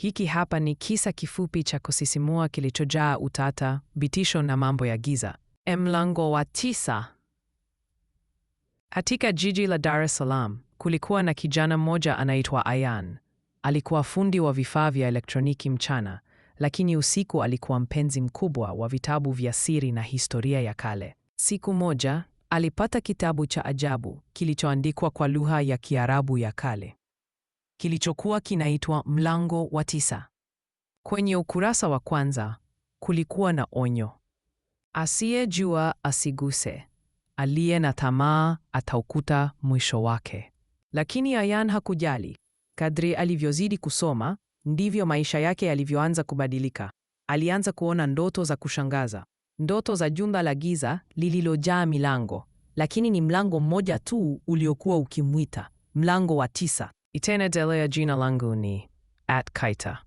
Hiki hapa ni kisa kifupi cha kusisimua kilichojaa utata, vitisho na mambo ya giza. E, mlango wa tisa. Katika jiji la Dar es Salaam kulikuwa na kijana mmoja anaitwa Ayan. Alikuwa fundi wa vifaa vya elektroniki mchana, lakini usiku alikuwa mpenzi mkubwa wa vitabu vya siri na historia ya kale. Siku moja alipata kitabu cha ajabu kilichoandikwa kwa lugha ya Kiarabu ya kale kilichokuwa kinaitwa Mlango wa Tisa. Kwenye ukurasa wa kwanza kulikuwa na onyo: asiyejua asiguse, aliye na tamaa ataukuta mwisho wake. Lakini Ayan hakujali. Kadri alivyozidi kusoma, ndivyo maisha yake yalivyoanza kubadilika. Alianza kuona ndoto za kushangaza, ndoto za jumba la giza lililojaa milango, lakini ni mlango mmoja tu uliokuwa ukimwita, mlango wa tisa. Itena delea Gina languni at Kaita.